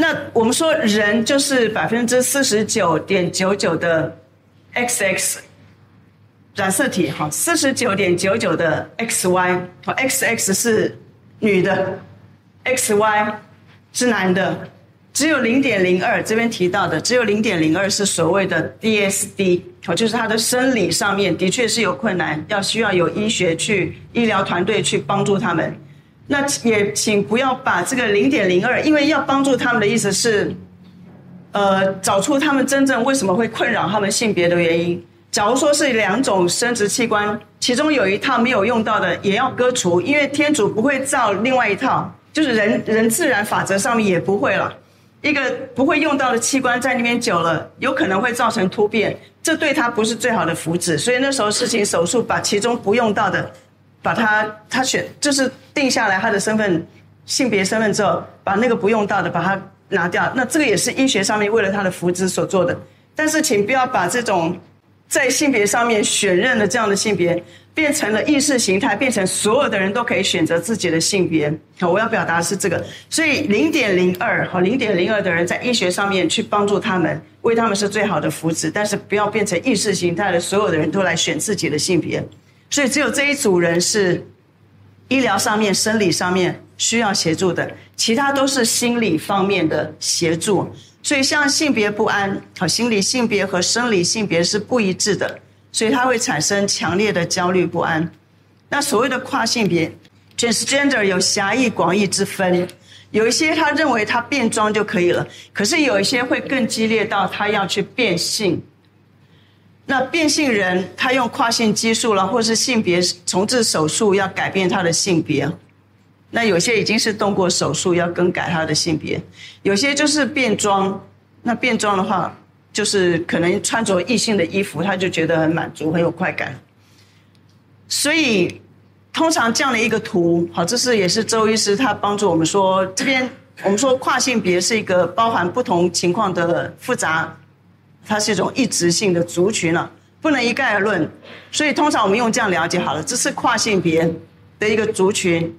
那我們說，人就是百分之四十九點九九的 XX 染色體，哈，四十九點九九的 XY，哦，XX 是女的，XY 是男的，只有零點零二，這邊提到的，只有零點零二是所謂的 DSD，哦，就是他的生理上面的確是有困難，要需要有醫學去，醫療團隊去幫助他們。那也請不要把這個零點零二，因為要幫助他們的意思是，呃，找出他們真正為什麼會困擾他們性別的原因。假如說是兩種生殖器官，其中有一套沒有用到的也要割除，因為天主不會造另外一套，就是人人自然法則上面也不會了。一個不會用到的器官在那邊久了，有可能會造成突變，這對他不是最好的福祉。所以那時候施行手術，把其中不用到的，把它他,他選就是。定下來他的身份、性別身份之後，把那個不用到的把它拿掉。那這個也是醫學上面為了他的福祉所做的。但是，請不要把這種在性別上面選任的這樣的性別，變成了意識形態，變成所有的人都可以選擇自己的性別。好，我要表達的是這個。所以零點零二和零點零二的人在醫學上面去幫助他們，為他們是最好的福祉。但是不要變成意識形態的所有的人都來選自己的性別。所以只有這一組人是醫療上面，生理上面需要協助的，其他都是心理方面的協助。所以像性別不安，好，心理性別和生理性別是不一致的，所以他會產生強烈的焦慮不安。那所謂的跨性別 （transgender） 有狹義、廣義之分，有一些他認為他變裝就可以了，可是有一些會更激烈到他要去變性。那變性人他用跨性激素了，或是性別重置手術要改變他的性別，那有些已經是動過手術要更改他的性別，有些就是變裝。那變裝的話，就是可能穿着異性的衣服，他就覺得很滿足，很有快感。所以，通常這樣的一個圖，好，這是也是周醫師他幫助我們說，這邊我們說跨性別是一個包含不同情況的複雜。它是一種異質性的族群了、啊，不能一概而論，所以通常我們用這樣了解好了。這是跨性別的一個族群，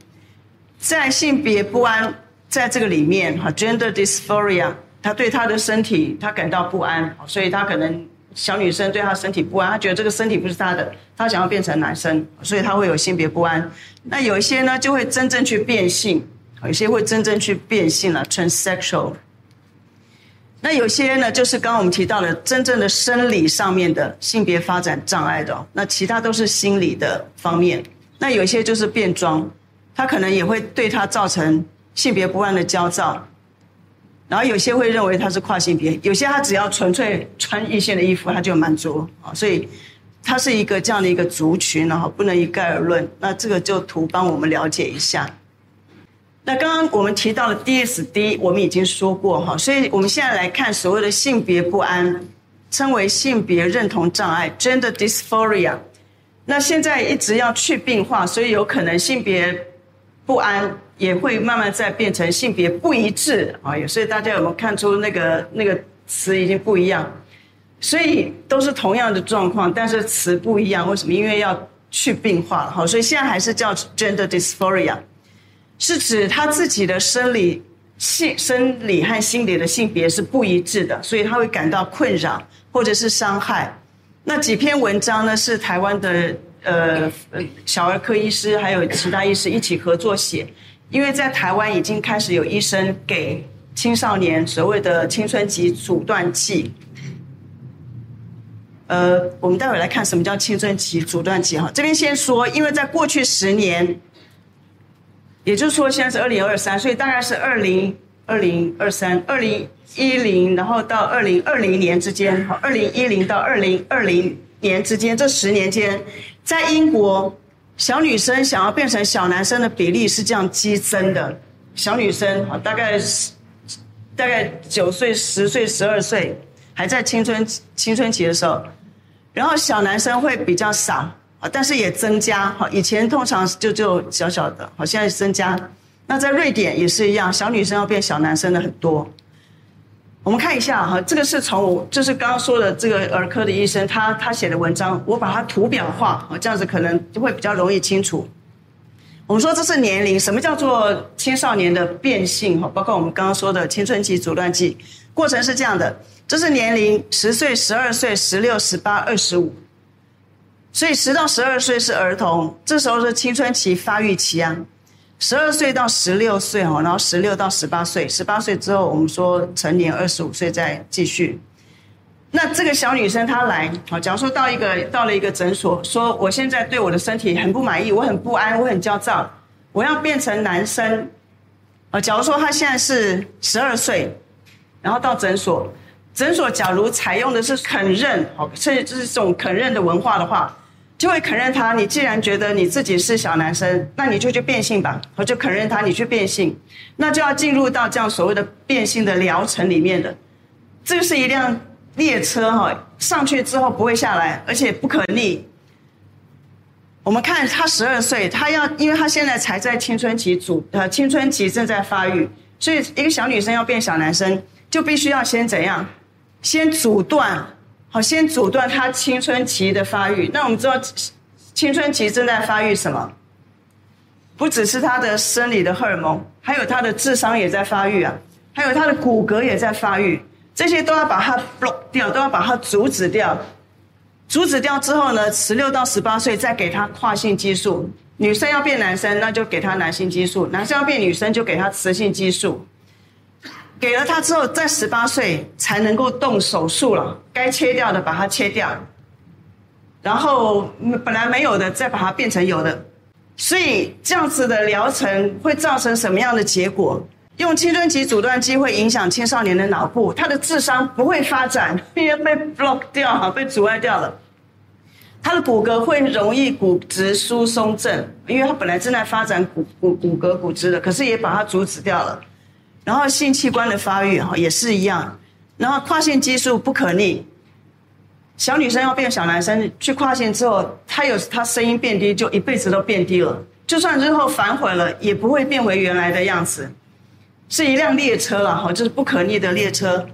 在性別不安在這個裡面哈，Gender Dysphoria，他對他的身體他感到不安，所以他可能小女生對他身體不安，他覺得這個身體不是他的，他想要變成男生，所以他會有性別不安。那有一些呢就會真正去變性，有些會真正去變性了、啊、，Transsexual。那有些呢，就是剛剛我們提到的真正的生理上面的性別發展障礙的、哦，那其他都是心理的方面。那有些就是變裝，他可能也會對他造成性別不安的焦躁，然後有些會認為他是跨性別，有些他只要純粹穿異性的衣服他就滿足啊，所以他是一個這樣的一個族群，然後不能一概而論。那這個就圖幫我們了解一下。那剛剛我們提到了 DSD，我們已經說過哈，所以我們現在來看所謂的性別不安，稱為性別認同障礙 （gender dysphoria）。那現在一直要去病化，所以有可能性別不安也會慢慢再變成性別不一致啊。所以大家有沒有看出那個那個詞已經不一樣？所以都是同樣的狀況，但是詞不一樣，為什麼？因為要去病化了哈，所以現在還是叫 gender dysphoria。是指他自己的生理性，生理和心理的性別是不一致的，所以他會感到困擾或者是傷害。那幾篇文章呢，是台灣的呃小兒科醫師還有其他醫師一起合作寫，因為在台灣已經開始有醫生給青少年所謂的青春期阻斷劑。呃，我們待會來看什麼叫青春期阻斷劑哈。這邊先說，因為在過去十年。也就是說，現在是二零二三，所以大概是二零二零二三、二零一零，然後到二零二零年之間，二零一零到二零二零年之間這十年間，在英國，小女生想要變成小男生的比例是這樣激增的。小女生啊，大概是大概九歲、十歲、十二歲，還在青春青春期的時候，然後小男生會比較少。啊，但是也增加哈，以前通常就就小小的，好，現在增加。那在瑞典也是一樣，小女生要變小男生的很多。我們看一下哈，這個是從就是剛剛說的這個兒科的醫生他他寫的文章，我把它圖表化哈，這樣子可能就會比較容易清楚。我們說這是年齡，什麼叫做青少年的變性哈？包括我們剛剛說的青春期阻斷劑，過程是這樣的，這是年齡，十歲、十二歲、十六、十八、二十五。所以十到十二歲是兒童，這時候是青春期發育期啊。十二歲到十六歲哦，然後十六到十八歲，十八歲之後我們說成年，二十五歲再繼續。那這個小女生她來，好，假如說到一個到了一個診所，說我現在對我的身體很不滿意，我很不安，我很焦躁，我要變成男生。啊，假如說她現在是十二歲，然後到診所，診所假如採用的是肯認，好，甚至就是這種肯認的文化的話。就會肯認他。你既然覺得你自己是小男生，那你就去變性吧。我就肯認他，你去變性，那就要進入到這樣所謂的變性的療程裡面的。這個是一輛列車哈，上去之後不會下來，而且不可逆。我們看他十二歲，他要因為他現在才在青春期主呃，青春期正在發育，所以一個小女生要變小男生，就必須要先怎樣？先阻斷。好，先阻斷他青春期的發育。那我們知道，青春期正在發育什麼？不只是他的生理的荷爾蒙，還有他的智商也在發育啊，還有他的骨骼也在發育。這些都要把它 block 掉，都要把它阻止掉。阻止掉之後呢，十六到十八歲再給他跨性激素。女生要變男生，那就給他男性激素；男生要變女生，就給他雌性激素。給了他之後，在十八歲才能夠動手術了。該切掉的把它切掉，然後本來沒有的再把它變成有的。所以這樣子的療程會造成什麼樣的結果？用青春期阻斷劑會影響青少年的腦部，他的智商不會發展，因為被 block 掉哈，被阻礙掉了。他的骨骼會容易骨質疏鬆症，因為他本來正在發展骨骨骨骼骨質的，可是也把它阻止掉了。然後性器官的發育也是一樣，然後跨性激素不可逆，小女生要變小男生去跨性之後，她有她聲音變低就一輩子都變低了，就算日後反悔了也不會變回原來的樣子，是一輛列車了哈，就是不可逆的列車，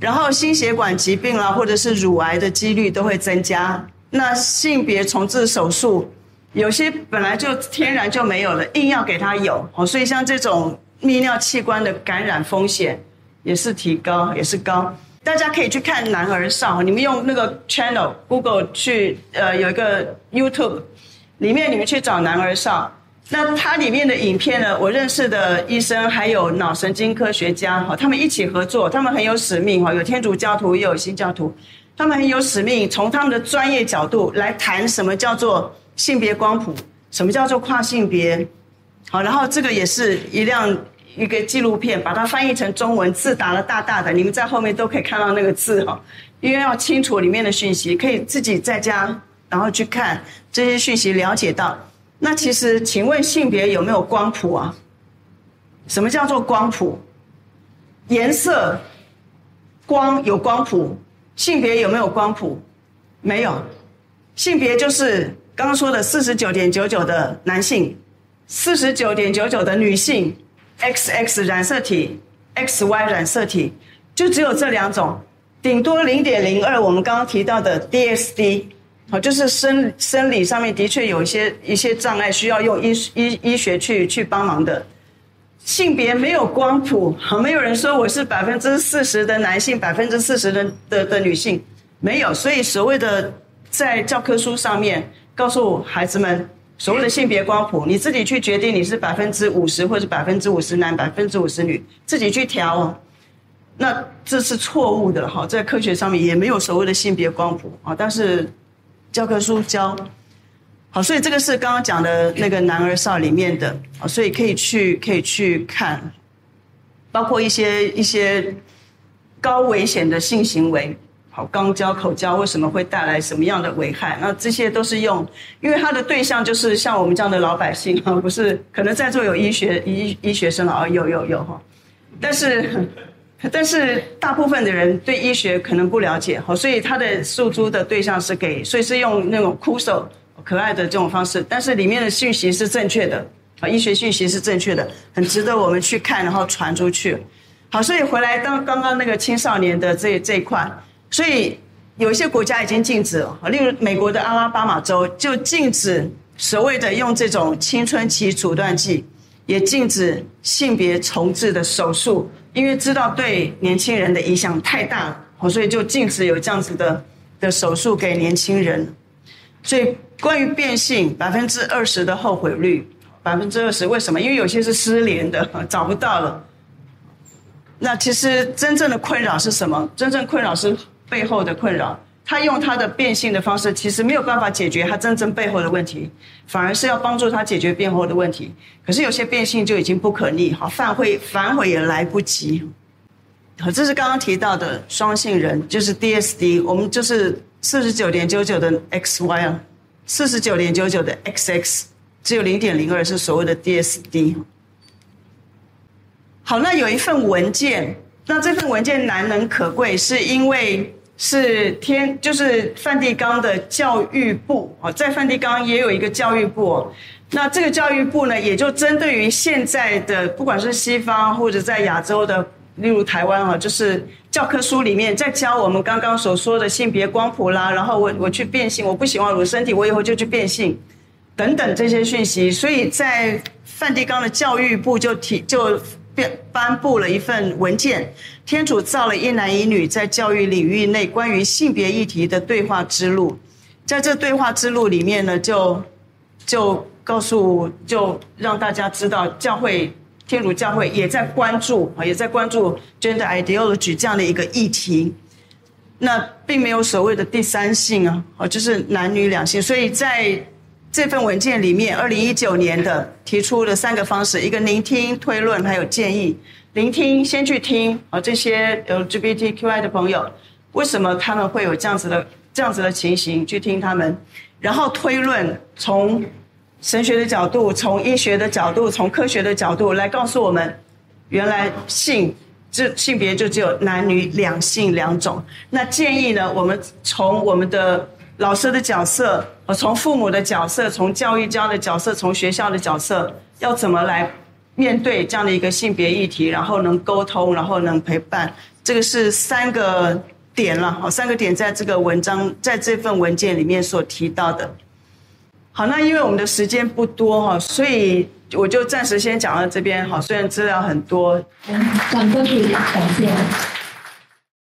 然後心血管疾病啦或者是乳癌的幾率都會增加，那性別重置手術有些本來就天然就沒有了，硬要給她有哦，所以像這種。泌尿器官的感染風險也是提高，也是高。大家可以去看《男兒少》，你們用那個 channel Google 去，呃，有一個 YouTube，裡面你們去找《男兒少》。那它裡面的影片呢，我認識的醫生還有腦神經科學家，哈，他們一起合作，他們很有使命，哈，有天主教徒也有新教徒，他們很有使命，從他們的專業角度來談什麼叫做性別光譜，什麼叫做跨性別。好，然後這個也是一輛一個紀錄片，把它翻譯成中文字，打了大大的，你們在後面都可以看到那個字哦，因為要清楚裡面的訊息，可以自己在家然後去看這些訊息，了解到。那其實，請問性別有沒有光譜啊？什麼叫做光譜？顏色，光有光譜，性別有沒有光譜？沒有，性別就是剛剛說的四十九點九九的男性，四十九點九九的女性，XX 染色體，XY 染色體，就只有這兩種，頂多零點零二。我們剛剛提到的 DSD，好，就是生生理上面的確有一些一些障礙，需要用醫醫醫學去去幫忙的。性別沒有光譜，好，沒有人說我是百分之四十的男性，40，百分之四十的的的女性，沒有。所以所謂的在教科書上面告訴孩子們。所謂的性別光譜，你自己去決定你是百分之五十或者是百分之五十男，百分之五十女，自己去調。那這是錯誤的，哈，在科學上面也沒有所謂的性別光譜啊。但是教科書教，好，所以這個是剛剛講的那個男兒少裡面的，啊，所以可以去可以去看，包括一些一些高危險的性行為。肛交口交為什麼會帶來什麼樣的危害？那這些都是用，因為它的對象就是像我們這樣的老百姓啊，不是？可能在座有醫學醫醫學生哦，啊，有有有哈。但是，但是大部分的人對醫學可能不了解哈，所以他的訴諸的對象是給，所以是用那種枯手可愛的這種方式。但是裡面的訊息是正確的啊，醫學訊息是正確的，很值得我們去看，然後傳出去。好，所以回來當剛剛那個青少年的這這一塊。所以有一些國家已經禁止了，例如美國的阿拉巴馬州就禁止所謂的用這種青春期阻斷劑，也禁止性別重置的手術，因為知道對年輕人的影響太大了，所以就禁止有這樣子的的手術給年輕人。所以關於變性，百分之二十的後悔率，百分之二十為什麼？因為有些是失聯的，找不到了。那其實真正的困擾是什麼？真正困擾是。背後的困擾，他用他的變性的方式，其實沒有辦法解決他真正背後的問題，反而是要幫助他解決背後的問題。可是有些變性就已經不可逆，好，反悔反悔也來不及。好，這是剛剛提到的雙性人，就是 DSD，我們就是四十九點九九的 XY 啊，四十九點九九的 XX，只有零點零二是所謂的 DSD。好，那有一份文件，那這份文件難能可貴，是因為。是天，就是梵蒂岡的教育部哦，在梵蒂岡也有一個教育部，那這個教育部呢，也就針對於現在的，不管是西方或者在亞洲的，例如台灣啊，就是教科書裡面在教我們剛剛所說的性別光譜啦，然後我我去變性，我不喜歡我的身體，我以後就去變性，等等這些訊息，所以在梵蒂岡的教育部就提就。頒布了一份文件，天主造了一男一女，在教育領域內關於性別議題的對話之路。在這對話之路裡面呢，就就告訴，就讓大家知道，教會，天主教會也在關注，也在關注 gender ideology 這樣的一個議題。那並沒有所謂的第三性啊，哦，就是男女兩性，所以在。這份文件裡面，二零一九年的提出了三個方式：一個聆聽、推論，還有建議。聆聽，先去聽啊、哦，這些 LGBTQI 的朋友，為什麼他們會有這樣子的這樣子的情形？去聽他們，然後推論，從神學的角度、從醫學的角度、從科學的角度來告訴我們，原來性這性別就只有男女兩性兩種。那建議呢，我們從我們的，老師的角色，哦，從父母的角色，從教育家的角色，從學校的角色，要怎麼來面對這樣的一個性別議題，然後能溝通，然後能陪伴，這個是三個點了。好，三個點在這個文章，在這份文件裡面所提到的。好，那因為我們的時間不多，哈，所以我就暫時先講到這邊。好，雖然資料很多。嗯，好感，感謝。